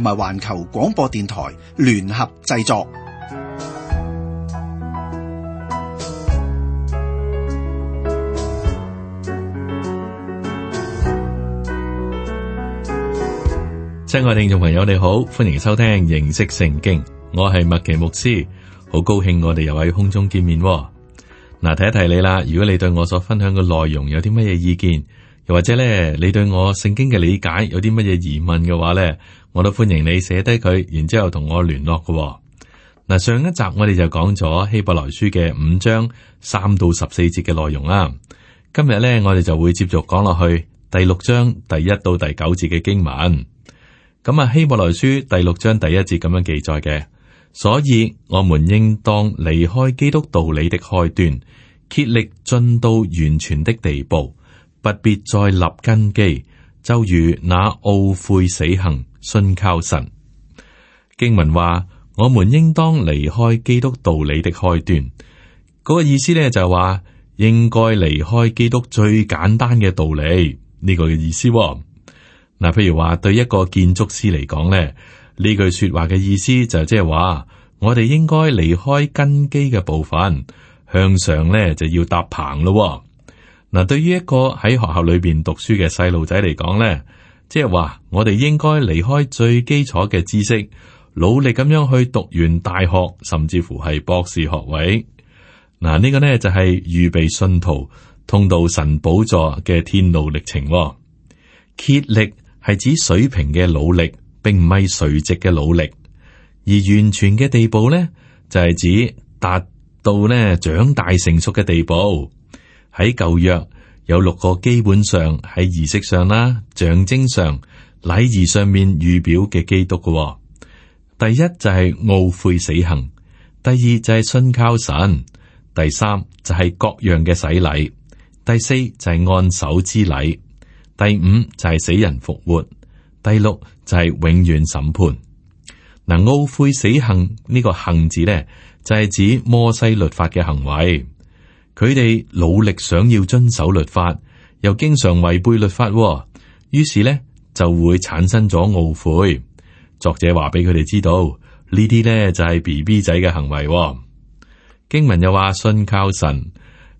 同埋環球廣播電台聯合製作。親愛的聽眾朋友，你好，歡迎收聽認識聖經。我係麥奇牧師，好高興我哋又喺空中見面。嗱，提一提你啦，如果你對我所分享嘅內容有啲乜嘢意見，又或者咧，你對我聖經嘅理解有啲乜嘢疑問嘅話咧？我都歡迎你寫低佢，然之後同我聯絡嘅。嗱，上一集我哋就講咗希伯來書嘅五章三到十四節嘅內容啦。今日呢，我哋就會接續講落去第六章第一到第九節嘅經文。咁啊，希伯來書第六章第一節咁樣記載嘅，所以我們應當離開基督道理的開端，竭力進到完全的地步，不必再立根基，就如那懊悔死行。信靠神經文話，我們應當離開基督道理的開端。嗰個意思咧就係話，應該離開基督最簡單嘅道理。呢個嘅意思、哦。嗱，譬如話對一個建築師嚟講咧，呢句說話嘅意思就即係話，我哋應該離開根基嘅部分，向上咧就要搭棚咯。嗱，對於一個喺學校裏邊讀書嘅細路仔嚟講咧。即係話，我哋應該離開最基礎嘅知識，努力咁樣去讀完大學，甚至乎係博士學位。嗱，呢、這個呢就係預備信徒通道神寶座嘅天路歷程。竭力係指水平嘅努力，並唔係垂直嘅努力。而完全嘅地步呢，就係、是、指達到呢長大成熟嘅地步。喺舊約。有六個基本上喺儀式上啦、象徵上、禮儀上面預表嘅基督嘅。第一就係懊悔死行，第二就係信靠神，第三就係各樣嘅洗禮，第四就係按手之禮，第五就係死人復活，第六就係永遠審判。嗱，懊悔死行呢個行字咧，就係、是、指摩西律法嘅行為。佢哋努力想要遵守律法，又經常違背律法，哦，於是咧就會產生咗懊悔。作者話俾佢哋知道，呢啲咧就係、是、B B 仔嘅行為，哦。經文又話信靠神，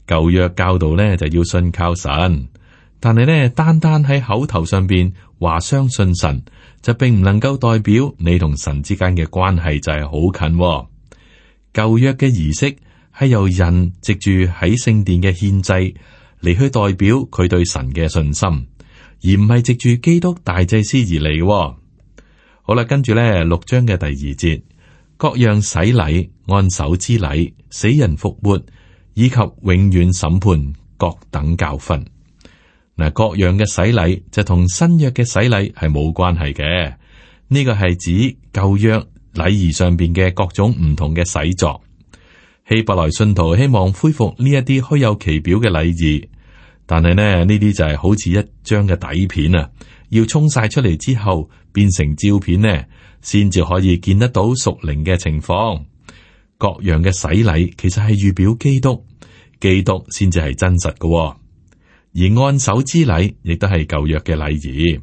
舊約教導咧就要信靠神，但係咧單單喺口頭上邊話相信神，就並唔能夠代表你同神之間嘅關係就係好近，哦。舊約嘅儀式。係由人藉住喺聖殿嘅獻祭嚟去代表佢對神嘅信心，而唔係藉住基督大祭司而嚟嘅。好啦，跟住咧六章嘅第二節，各樣洗禮、按手之禮、死人復活以及永遠審判各等教訓。嗱，各樣嘅洗禮就同新約嘅洗禮係冇關係嘅。呢、這個係指舊約禮儀上邊嘅各種唔同嘅洗作。希伯來信徒希望恢復呢一啲虛有其表嘅禮儀，但係咧，呢啲就係好似一張嘅底片啊，要沖晒出嚟之後變成照片咧，先至可以見得到屬靈嘅情況。各樣嘅洗禮其實係預表基督，基督先至係真實嘅。而按手之禮亦都係舊約嘅禮儀。誒、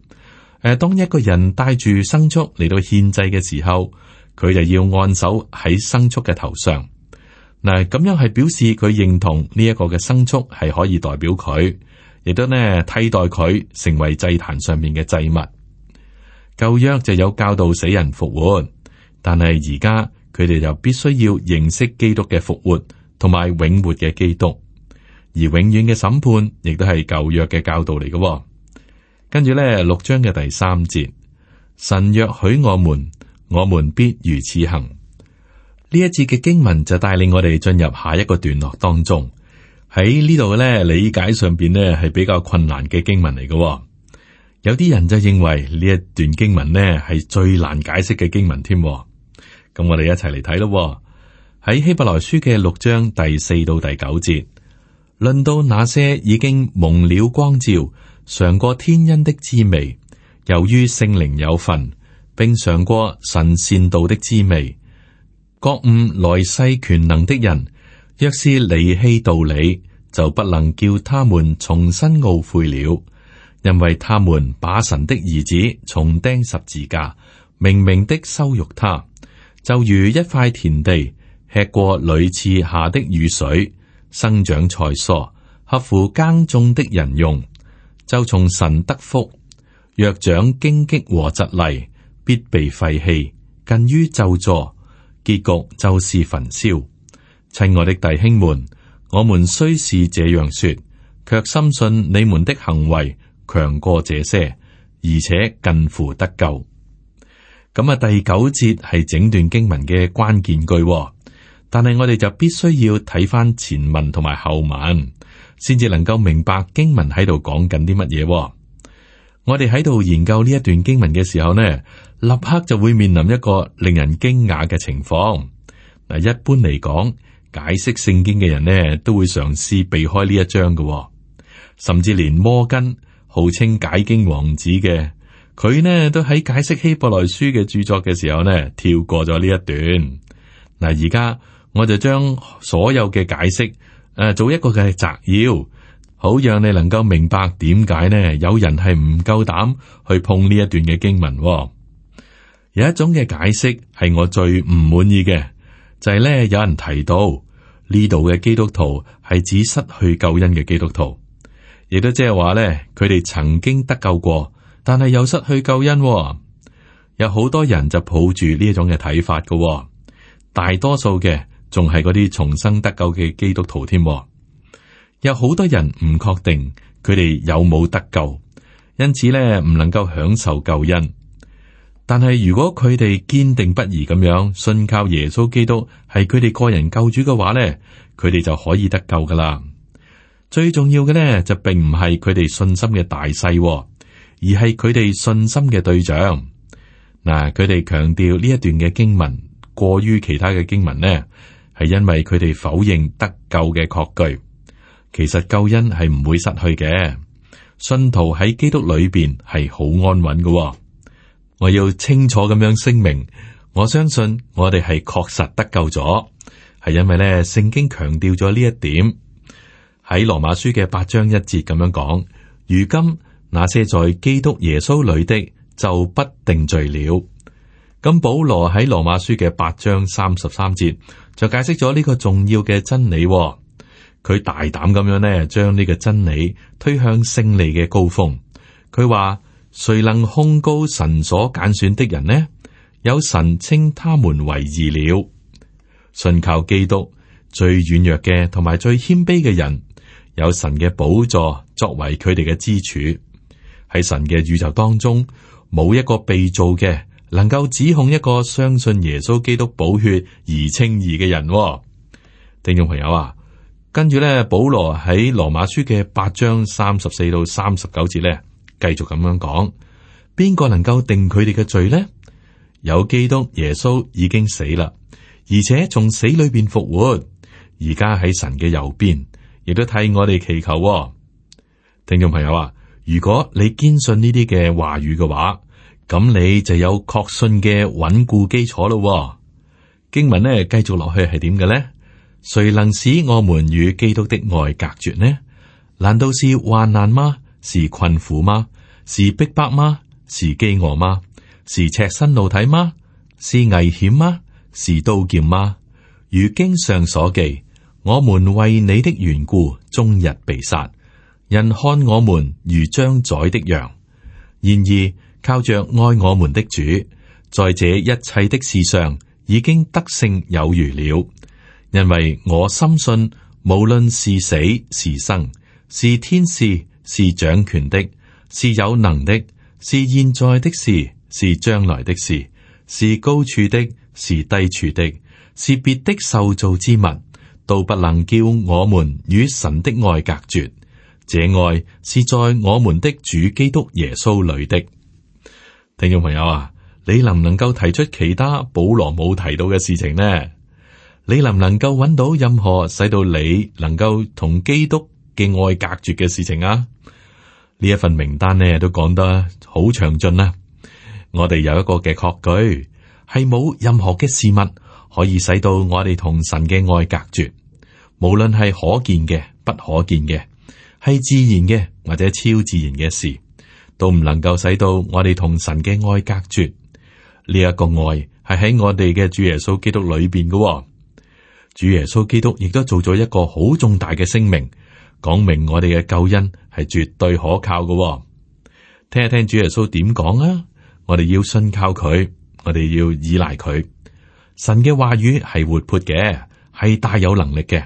呃，當一個人帶住牲畜嚟到獻祭嘅時候，佢就要按手喺牲畜嘅頭上。嗱，咁樣係表示佢認同呢一個嘅牲畜係可以代表佢，亦都呢替代佢成為祭壇上面嘅祭物。舊約就有教導死人復活，但係而家佢哋就必須要認識基督嘅復活同埋永活嘅基督，而永遠嘅審判亦都係舊約嘅教導嚟嘅。跟住呢六章嘅第三節，神若許我們，我們必如此行。呢一節嘅經文就帶領我哋進入下一個段落當中。喺呢度咧，理解上邊呢係比較困難嘅經文嚟嘅，哦。有啲人就認為呢一段經文呢係最難解釋嘅經文添，哦。咁我哋一齊嚟睇咯。喺希伯來書嘅六章第四到第九節，論到那些已經蒙了光照、嘗過天恩的滋味，由於聖靈有份，並嘗過神善道的滋味。覺悟來世權能的人，若是離棄道理，就不能叫他們重新懊悔了，因為他們把神的兒子重釘十字架，明明的羞辱他，就如一塊田地，吃過屢次下的雨水，生長菜蔬，合乎耕種的人用，就從神得福；若長荊棘和蒺藜，必被廢棄，近於咒詛。結局就是焚燒，親愛的弟兄們，我們雖是這樣說，卻深信你們的行為強過這些，而且近乎得救。咁、嗯、啊，第九節係整段經文嘅關鍵句，但係我哋就必須要睇返前文同埋後文，先至能夠明白經文喺度講緊啲乜嘢。我哋喺度研究呢一段經文嘅時候呢，立刻就會面臨一個令人驚訝嘅情況。嗱，一般嚟講，解釋聖經嘅人呢，都會嘗試避開呢一章嘅，甚至連摩根號稱解經王子嘅，佢呢都喺解釋希伯來書嘅著作嘅時候呢，跳過咗呢一段。嗱，而家我就將所有嘅解釋，誒、呃，做一個嘅摘要。好讓你能夠明白點解呢，有人係唔夠膽去碰呢一段嘅經文。有一種嘅解釋係我最唔滿意嘅，就係呢有人提到呢度嘅基督徒係指失去救恩嘅基督徒，亦都即係話呢佢哋曾經得救過，但係又失去救恩，哦。有好多人就抱住呢一種嘅睇法嘅，哦，大多數嘅仲係嗰啲重生得救嘅基督徒添。有好多人唔確定佢哋有冇得救，因此咧唔能夠享受救恩。但係如果佢哋堅定不移咁樣信靠耶穌基督係佢哋個人救主嘅話咧，佢哋就可以得救噶啦。最重要嘅咧就並唔係佢哋信心嘅大細，而係佢哋信心嘅對象。嗱、呃，佢哋強調呢一段嘅經文過於其他嘅經文咧，係因為佢哋否認得救嘅確據。其實救恩係唔會失去嘅，信徒喺基督裏面係好安穩嘅，哦。我要清楚咁樣聲明，我相信我哋係確實得救咗，係因為咧聖經強調咗呢一點。喺羅馬書嘅八章一節咁樣講，如今那些在基督耶穌裡的就不定罪了。咁保羅喺羅馬書嘅八章三十三節就解釋咗呢個重要嘅真理，哦。佢大膽咁樣呢，將呢個真理推向勝利嘅高峰。佢話：誰能控告神所揀選的人呢？有神稱他們為義了。信靠基督最軟弱嘅同埋最謙卑嘅人，有神嘅寶座作為佢哋嘅支柱。喺神嘅宇宙當中，冇一個被造嘅能夠指控一個相信耶穌基督寶血而稱義嘅人。聽眾朋友啊！跟住咧，保羅喺羅馬書嘅八章三十四到三十九節咧，繼續咁樣講：邊個能夠定佢哋嘅罪呢？有基督耶穌已經死啦，而且從死裏邊復活，而家喺神嘅右邊，亦都替我哋祈求、哦。聽眾朋友啊，如果你堅信呢啲嘅話語嘅話，咁你就有確信嘅穩固基礎咯、哦。經文咧繼續落去係點嘅咧？誰能使我們與基督的愛隔絕呢？難道是患難嗎？是困苦嗎？是逼迫嗎？是飢餓嗎？是赤身露體嗎？是危險嗎？是刀劍嗎？如經上所記，我們為你的緣故，終日被殺，人看我們如將宰的羊。然而，靠着愛我們的主，在這一切的事上，已經得勝有餘了。因為我深信，無論是死是生，是天使，是掌權的，是有能的，是現在的事，是將來的事，是高處的，是低處的，是別的受造之物，都不能叫我們與神的愛隔絕。這愛是在我們的主基督耶穌裏的。聽眾朋友啊，你能唔能夠提出其他保羅冇提到嘅事情呢？你能唔能夠搵到任何使到你能夠同基督嘅愛隔絕嘅事情啊？呢一份名單咧都講得好詳盡啦、啊。我哋有一個嘅確據係冇任何嘅事物可以使到我哋同神嘅愛隔絕，無論係可見嘅、不可見嘅，係自然嘅或者超自然嘅事，都唔能夠使到我哋同神嘅愛隔絕。呢、這、一個愛係喺我哋嘅主耶穌基督裏邊嘅、哦。主耶穌基督亦都做咗一個好重大嘅聲明，講明我哋嘅救恩係絕對可靠嘅。哦。聽一聽主耶穌點講啊？我哋要信靠佢，我哋要依賴佢。神嘅話語係活潑嘅，係大有能力嘅。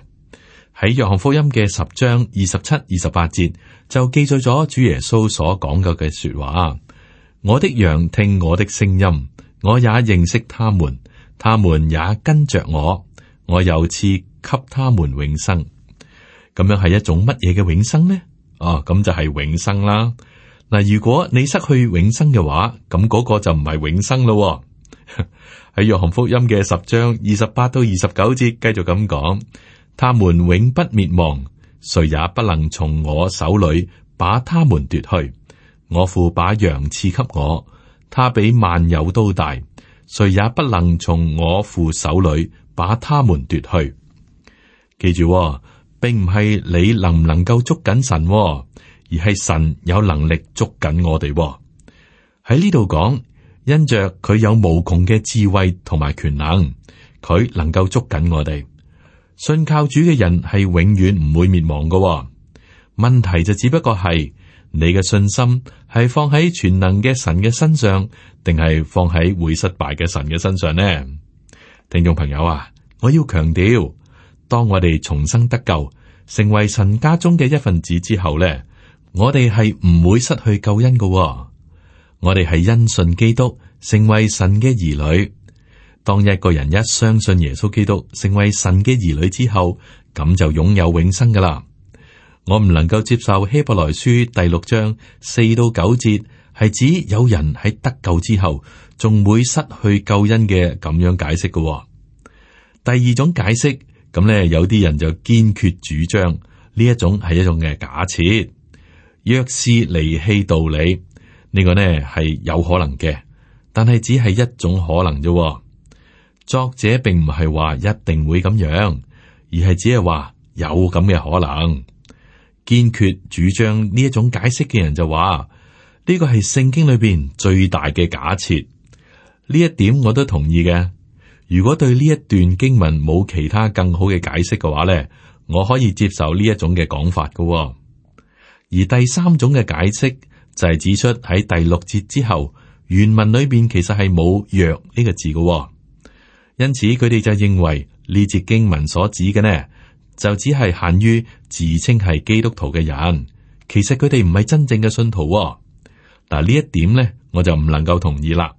喺約翰福音嘅十章二十七、二十八節就記載咗主耶穌所講嘅嘅說話：我的羊聽我的聲音，我也認識他們，他們也跟着我。我又賜給他們永生，咁樣係一種乜嘢嘅永生呢？哦、啊，咁就係永生啦。嗱，如果你失去永生嘅話，咁嗰個就唔係永生咯，哦。喺 約翰福音嘅十章二十八到二十九節，繼續咁講，他們永不滅亡，誰也不能從我手裏把他們奪去。我父把羊賜給我，他比萬有都大，誰也不能從我父手裏。把他們奪去，記住喎，並唔係你能唔能夠捉緊神喎，而係神有能力捉緊我哋喎。喺呢度講，因着佢有無窮嘅智慧同埋權能，佢能夠捉緊我哋。信靠主嘅人係永遠唔會滅亡㗎喎。問題就只不過係你嘅信心係放喺全能嘅神嘅身上，定係放喺會失敗嘅神嘅身上呢？聽眾朋友啊，我要強調，當我哋重生得救，成為神家中嘅一份子之後咧，我哋係唔會失去救恩嘅喎。我哋係因信基督成為神嘅兒女。當一個人一相信耶穌基督，成為神嘅兒女之後，咁就擁有永生噶啦。我唔能夠接受希伯來書第六章四到九節，係指有人喺得救之後。仲會失去救恩嘅，咁樣解釋嘅喎。第二種解釋咁咧，有啲人就堅決主張呢一種係一種嘅假設，若是離棄道理呢個呢係有可能嘅，但係只係一種可能啫。作者並唔係話一定會咁樣，而係只係話有咁嘅可能。堅決主張呢一種解釋嘅人就話呢個係聖經裏邊最大嘅假設。呢一點我都同意嘅。如果對呢一段經文冇其他更好嘅解釋嘅話呢，我可以接受呢一種嘅講法噶。喎，而第三種嘅解釋就係指出喺第六節之後原文裏邊其實係冇弱呢個字噶。喎，因此佢哋就認為呢節經文所指嘅呢就只係限於自稱係基督徒嘅人，其實佢哋唔係真正嘅信徒喎。嗱，呢一點呢，我就唔能夠同意啦。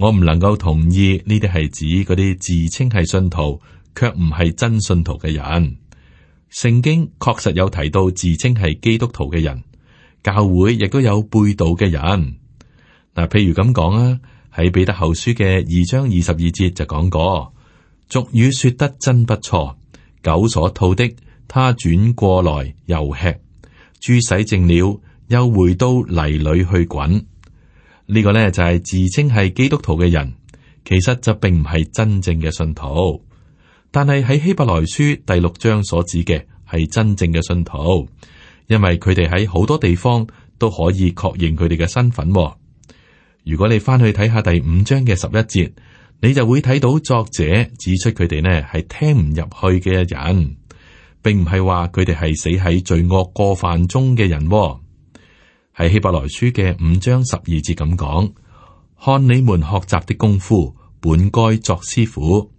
我唔能夠同意呢啲係指嗰啲自稱係信徒卻唔係真信徒嘅人。聖經確實有提到自稱係基督徒嘅人，教會亦都有背道嘅人。嗱，譬如咁講啊，喺彼得後書嘅二章二十二節就講過，俗語說得真不錯，狗所吐的，他轉過來又吃；豬洗淨了，又回到泥裏去滾。呢個呢，就係自稱係基督徒嘅人，其實就並唔係真正嘅信徒。但係喺希伯來書第六章所指嘅係真正嘅信徒，因為佢哋喺好多地方都可以確認佢哋嘅身份。如果你翻去睇下第五章嘅十一節，你就會睇到作者指出佢哋呢係聽唔入去嘅人，並唔係話佢哋係死喺罪惡過犯中嘅人。喺希伯來書嘅五章十二節咁講，看你們學習的功夫本該作師傅，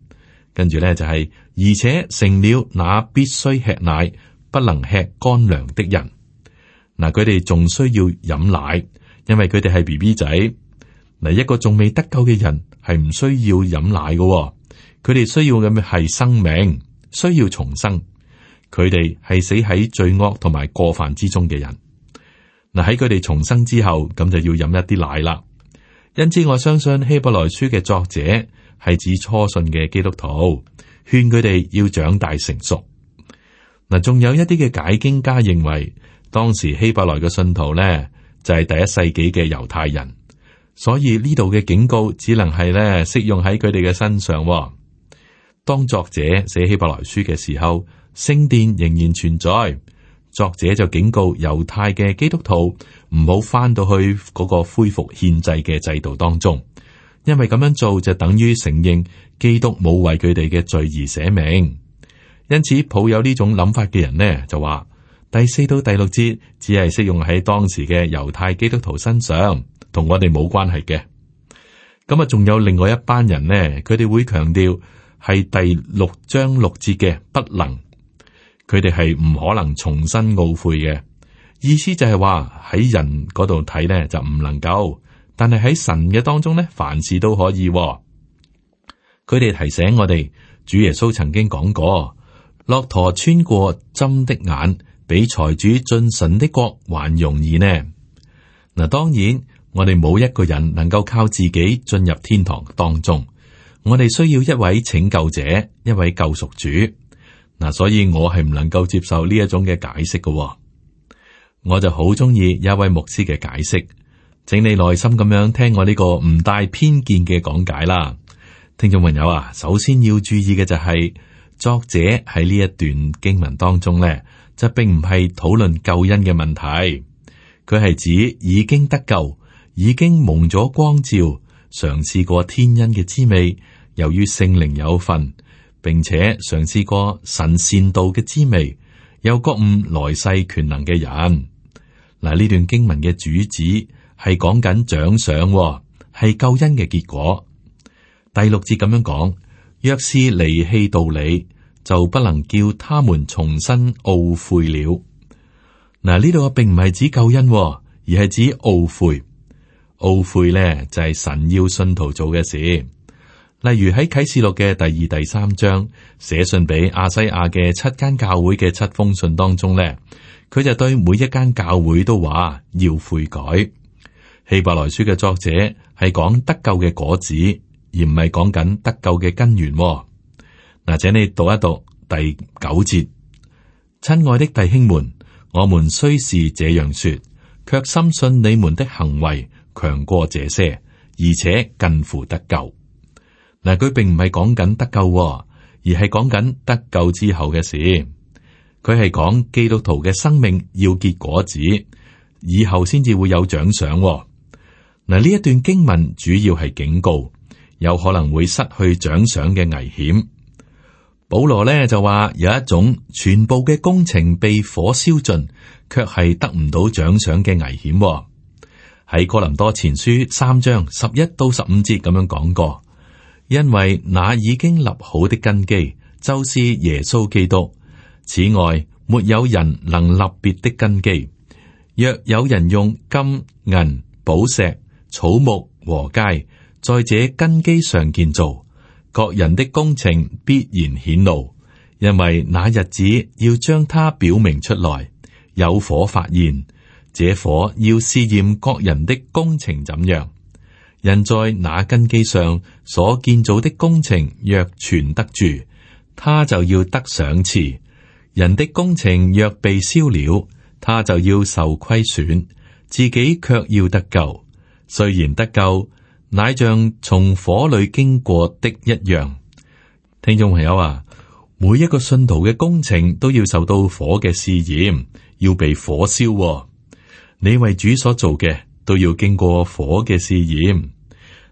跟住呢，就係而且成了那必須吃奶不能吃乾糧的人，嗱，佢哋仲需要飲奶，因為佢哋係 B B 仔，嗱，一個仲未得救嘅人係唔需要飲奶嘅，佢哋需要嘅係生命，需要重生，佢哋係死喺罪惡同埋過犯之中嘅人。嗱喺佢哋重生之後，咁就要飲一啲奶啦。因此，我相信希伯來書嘅作者係指初信嘅基督徒，勸佢哋要長大成熟。嗱，仲有一啲嘅解經家認為，當時希伯來嘅信徒呢，就係第一世紀嘅猶太人，所以呢度嘅警告只能係呢適用喺佢哋嘅身上。當作者寫希伯來書嘅時候，聖殿仍然存在。作者就警告猶太嘅基督徒唔好翻到去嗰個恢復憲制嘅制度當中，因為咁樣做就等於承認基督冇為佢哋嘅罪而捨命，因此，抱有呢種諗法嘅人呢就話第四到第六節只係適用喺當時嘅猶太基督徒身上，同我哋冇關係嘅。咁啊，仲有另外一班人呢，佢哋會強調係第六章六節嘅不能。佢哋係唔可能重新懊悔嘅，意思就係話喺人嗰度睇呢就唔能夠，但係喺神嘅當中呢，凡事都可以喎。佢哋提醒我哋，主耶穌曾經講過：駱駝穿過針的眼，比財主進神的國還容易呢。嗱，當然我哋冇一個人能夠靠自己進入天堂當中，我哋需要一位拯救者，一位救贖主。嗱，所以我係唔能夠接受呢一種嘅解釋噶、哦，我就好中意一位牧師嘅解釋，請你耐心咁樣聽我呢個唔帶偏見嘅講解啦，聽眾朋友啊，首先要注意嘅就係、是、作者喺呢一段經文當中呢，即並唔係討論救恩嘅問題，佢係指已經得救、已經蒙咗光照、嘗試過天恩嘅滋味，由於聖靈有份。並且嘗試過神善道嘅滋味，又覺悟來世權能嘅人，嗱，呢段經文嘅主旨係講緊獎賞，係救恩嘅結果。第六節咁樣講，若是離棄道理，就不能叫他們重新懊悔了。嗱，呢度並唔係指救恩，而係指懊悔。懊悔咧就係神要信徒做嘅事。例如喺啟示錄嘅第二、第三章寫信俾亞西亞嘅七間教會嘅七封信當中呢，佢就對每一間教會都話要悔改。希伯來書嘅作者係講得救嘅果子，而唔係講緊得救嘅根源。嗱，請你讀一讀第九節，親愛的弟兄們，我們雖是這樣說，卻深信你們的行為強過這些，而且近乎得救。嗱，佢並唔係講緊得救喎，而係講緊得救之後嘅事。佢係講基督徒嘅生命要結果子，以後先至會有獎賞喎。嗱，呢一段經文主要係警告有可能會失去獎賞嘅危險。保羅咧就話有一種全部嘅工程被火燒盡，卻係得唔到獎賞嘅危險喎。喺哥林多前書三章十一到十五節咁樣講過。因為那已經立好的根基就是耶穌基督，此外沒有人能立別的根基。若有人用金銀、寶石、草木禾秸在這根基上建造，各人的工程必然顯露，因為那日子要將它表明出來。有火發現，這火要試驗各人的工程怎樣。人在那根基上所建造的工程若存得住，他就要得賞賜；人的工程若被燒了，他就要受虧損，自己卻要得救。雖然得救，乃像從火裏經過的一樣。聽眾朋友啊，每一個信徒嘅工程都要受到火嘅試驗，要被火燒哦。你為主所做嘅。都要經過火嘅試驗。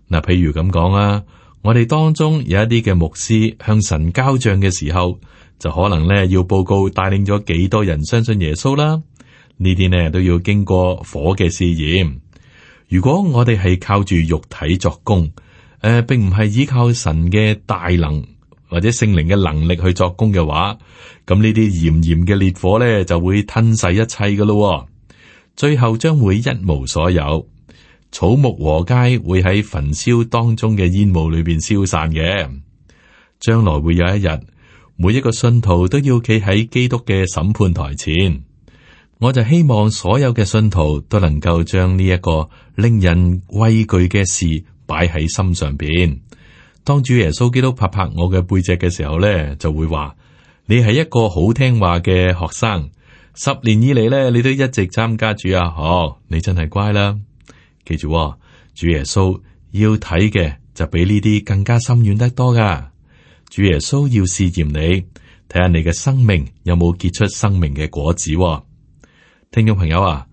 嗱，譬如咁講啊，我哋當中有一啲嘅牧師向神交賬嘅時候，就可能咧要報告帶領咗幾多人相信耶穌啦。呢啲呢都要經過火嘅試驗。如果我哋係靠住肉體作工，誒、呃，並唔係依靠神嘅大能或者聖靈嘅能力去作工嘅話，咁呢啲炎炎嘅烈火咧就會吞噬一切噶咯。最後將會一無所有，草木禾稭，會喺焚燒當中嘅煙霧裏邊消散嘅。將來會有一日，每一個信徒都要企喺基督嘅審判台前。我就希望所有嘅信徒都能夠將呢一個令人畏懼嘅事擺喺心上邊。當主耶穌基督拍拍我嘅背脊嘅時候咧，就會話：你係一個好聽話嘅學生。十年以嚟咧，你都一直參加住啊！嗬、哦，你真係乖啦。記住、哦，主耶穌要睇嘅就比呢啲更加深遠得多噶。主耶穌要試驗你，睇下你嘅生命有冇結出生命嘅果子、哦。聽眾朋友啊，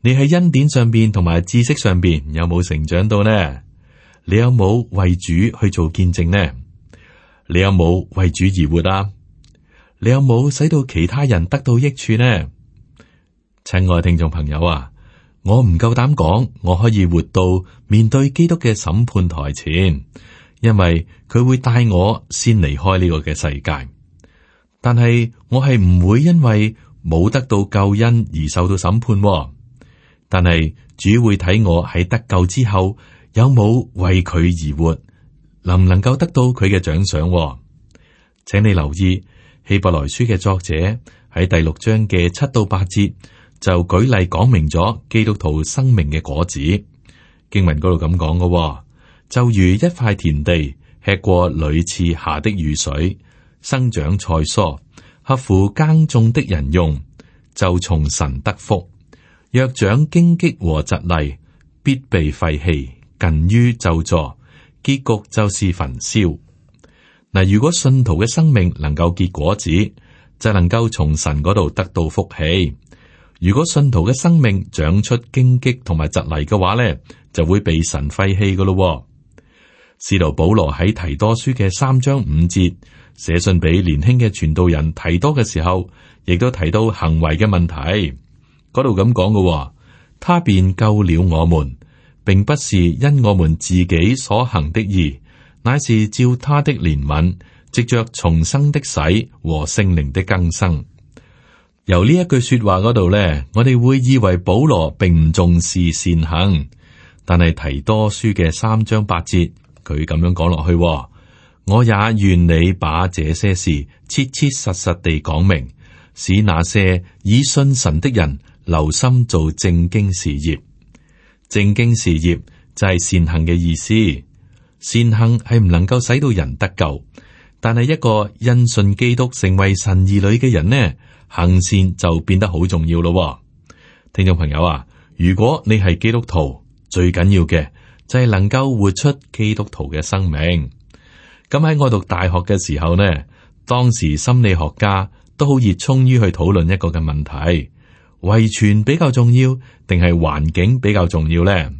你喺恩典上邊同埋知識上邊有冇成長到呢？你有冇為主去做見證呢？你有冇為主而活啊？你有冇使到其他人得到益處呢？親愛聽眾朋友啊，我唔夠膽講我可以活到面對基督嘅審判台前，因為佢會帶我先離開呢個嘅世界。但係我係唔會因為冇得到救恩而受到審判喎。但係主會睇我喺得救之後，有冇為佢而活，能唔能夠得到佢嘅獎賞喎？請你留意。希伯來書嘅作者喺第六章嘅七到八節，就舉例講明咗基督徒生命嘅果子。經文嗰度咁講嘅，就如一塊田地吃過屢次下的雨水，生長菜蔬，合乎耕種的人用，就從神得福；若長荊棘和蒺藜，必被廢棄，近於咒詛，結局就是焚燒。嗱，如果信徒嘅生命能夠結果子，就能夠從神嗰度得到福氣；如果信徒嘅生命長出荊棘同埋蒺藜嘅話咧，就會被神廢棄噶咯。使徒保羅喺提多書嘅三章五節寫信俾年輕嘅傳道人提多嘅時候，亦都提到行為嘅問題。嗰度咁講嘅，他便救了我們，並不是因我們自己所行的義。乃是照他的憐憫，藉着重生的洗和聖靈的更生。由呢一句說話嗰度咧，我哋會以為保羅並唔重視善行，但係提多書嘅三章八節，佢咁樣講落去。我也願你把這些事切切實實地講明，使那些以信神的人留心做正經事業。正經事業就係善行嘅意思。善行係唔能夠使到人得救，但係一個因信基督成為神兒女嘅人呢，行善就變得好重要咯。聽眾朋友啊，如果你係基督徒，最緊要嘅就係能夠活出基督徒嘅生命。咁喺我讀大學嘅時候呢，當時心理學家都好熱衷於去討論一個嘅問題：遺傳比較重要，定係環境比較重要呢？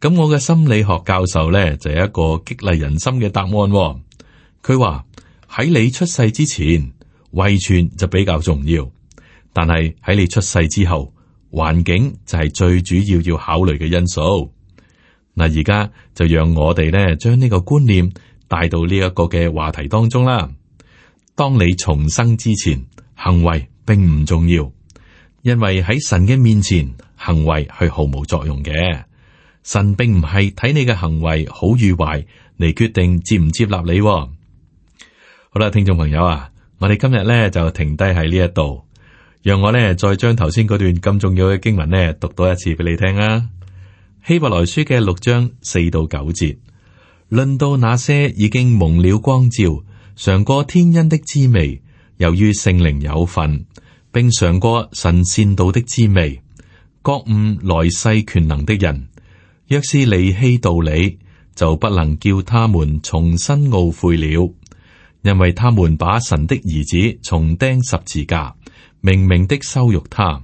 咁我嘅心理學教授咧就係一個激勵人心嘅答案。哦。佢話喺你出世之前遺傳就比較重要，但係喺你出世之後環境就係最主要要考慮嘅因素。嗱，而家就讓我哋咧將呢個觀念帶到呢一個嘅話題當中啦。當你重生之前，行為並唔重要，因為喺神嘅面前，行為係毫無作用嘅。神並唔係睇你嘅行為好與壞嚟決定接唔接納你。好啦，聽眾朋友啊，我哋今日咧就停低喺呢一度，讓我咧再將頭先嗰段咁重要嘅經文咧讀多一次俾你聽啊。希伯來書嘅六章四到九節，論到那些已經蒙了光照，嘗過天恩的滋味，由於聖靈有份，並嘗過神善道的滋味，覺悟來世權能的人。若是離棄道理，就不能叫他們重新懊悔了，因為他們把神的兒子重釘十字架，明明的羞辱他，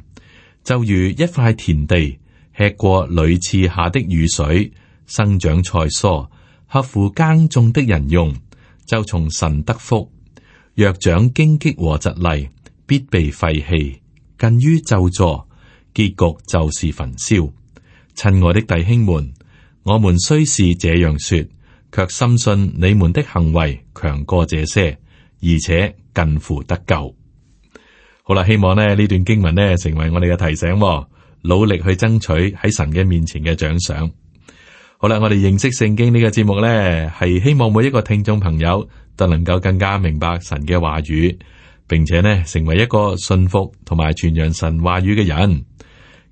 就如一塊田地，吃過屢次下的雨水，生長菜蔬，合乎耕種的人用，就從神得福；若長荊棘和蒺藜，必被廢棄，近於咒詛，結局就是焚燒。親愛的弟兄們，我們雖是這樣說，卻深信你們的行為強過這些，而且近乎得救。好啦，希望呢呢段經文呢成為我哋嘅提醒，努力去爭取喺神嘅面前嘅獎賞。好啦，我哋認識聖經呢個節目呢係希望每一個聽眾朋友都能夠更加明白神嘅話語，並且呢成為一個信服同埋傳揚神話語嘅人。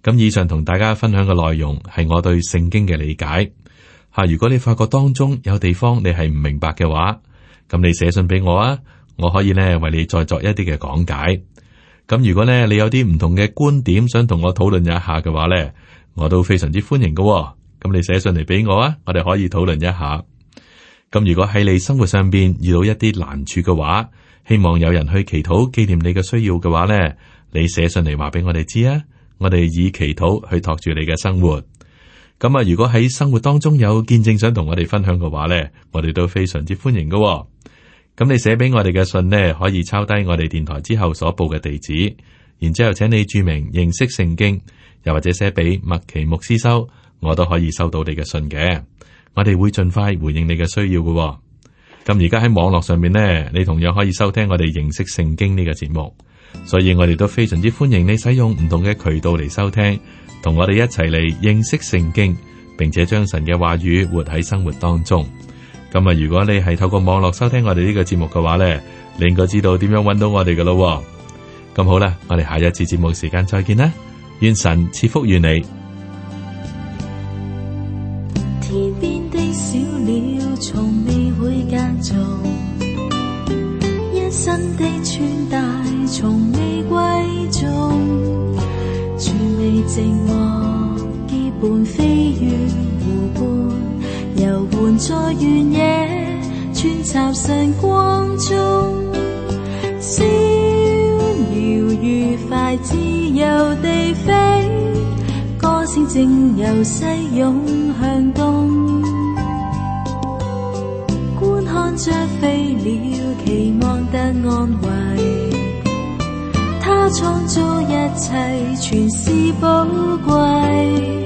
咁以上同大家分享嘅內容係我對聖經嘅理解吓。如果你發覺當中有地方你係唔明白嘅話，咁你寫信俾我啊，我可以咧為你再作一啲嘅講解。咁如果咧你有啲唔同嘅觀點，想同我討論一下嘅話咧，我都非常之歡迎嘅。咁你寫信嚟俾我啊，我哋可以討論一下。咁如果喺你生活上邊遇到一啲難處嘅話，希望有人去祈禱紀念你嘅需要嘅話咧，你寫信嚟話俾我哋知啊。我哋以祈禱去托住你嘅生活，咁啊，如果喺生活當中有見證想同我哋分享嘅話呢，我哋都非常之歡迎嘅喎。咁你寫俾我哋嘅信呢，可以抄低我哋電台之後所報嘅地址，然之後請你注明認識聖經，又或者寫俾麥奇牧師收，我都可以收到你嘅信嘅。我哋會盡快回應你嘅需要嘅。咁而家喺網絡上面呢，你同樣可以收聽我哋認識聖經呢個節目。所以我哋都非常之歡迎你使用唔同嘅渠道嚟，收聽，同我哋一齊嚟認識聖經，並且將神嘅話語活喺生活當中。咁啊，如果你係透過網絡收聽我哋呢個節目嘅話呢，你應該知道點樣搵到我哋噶咯。咁好啦，我哋下一次節目時間再見啦，願神賜福與你。天邊的小鳥，從，在原野穿插晨光中，小鳥愉快自由地飛，歌聲正由西湧向東。觀看着飛鳥，期望得安慰。他創造一切，全是寶貴。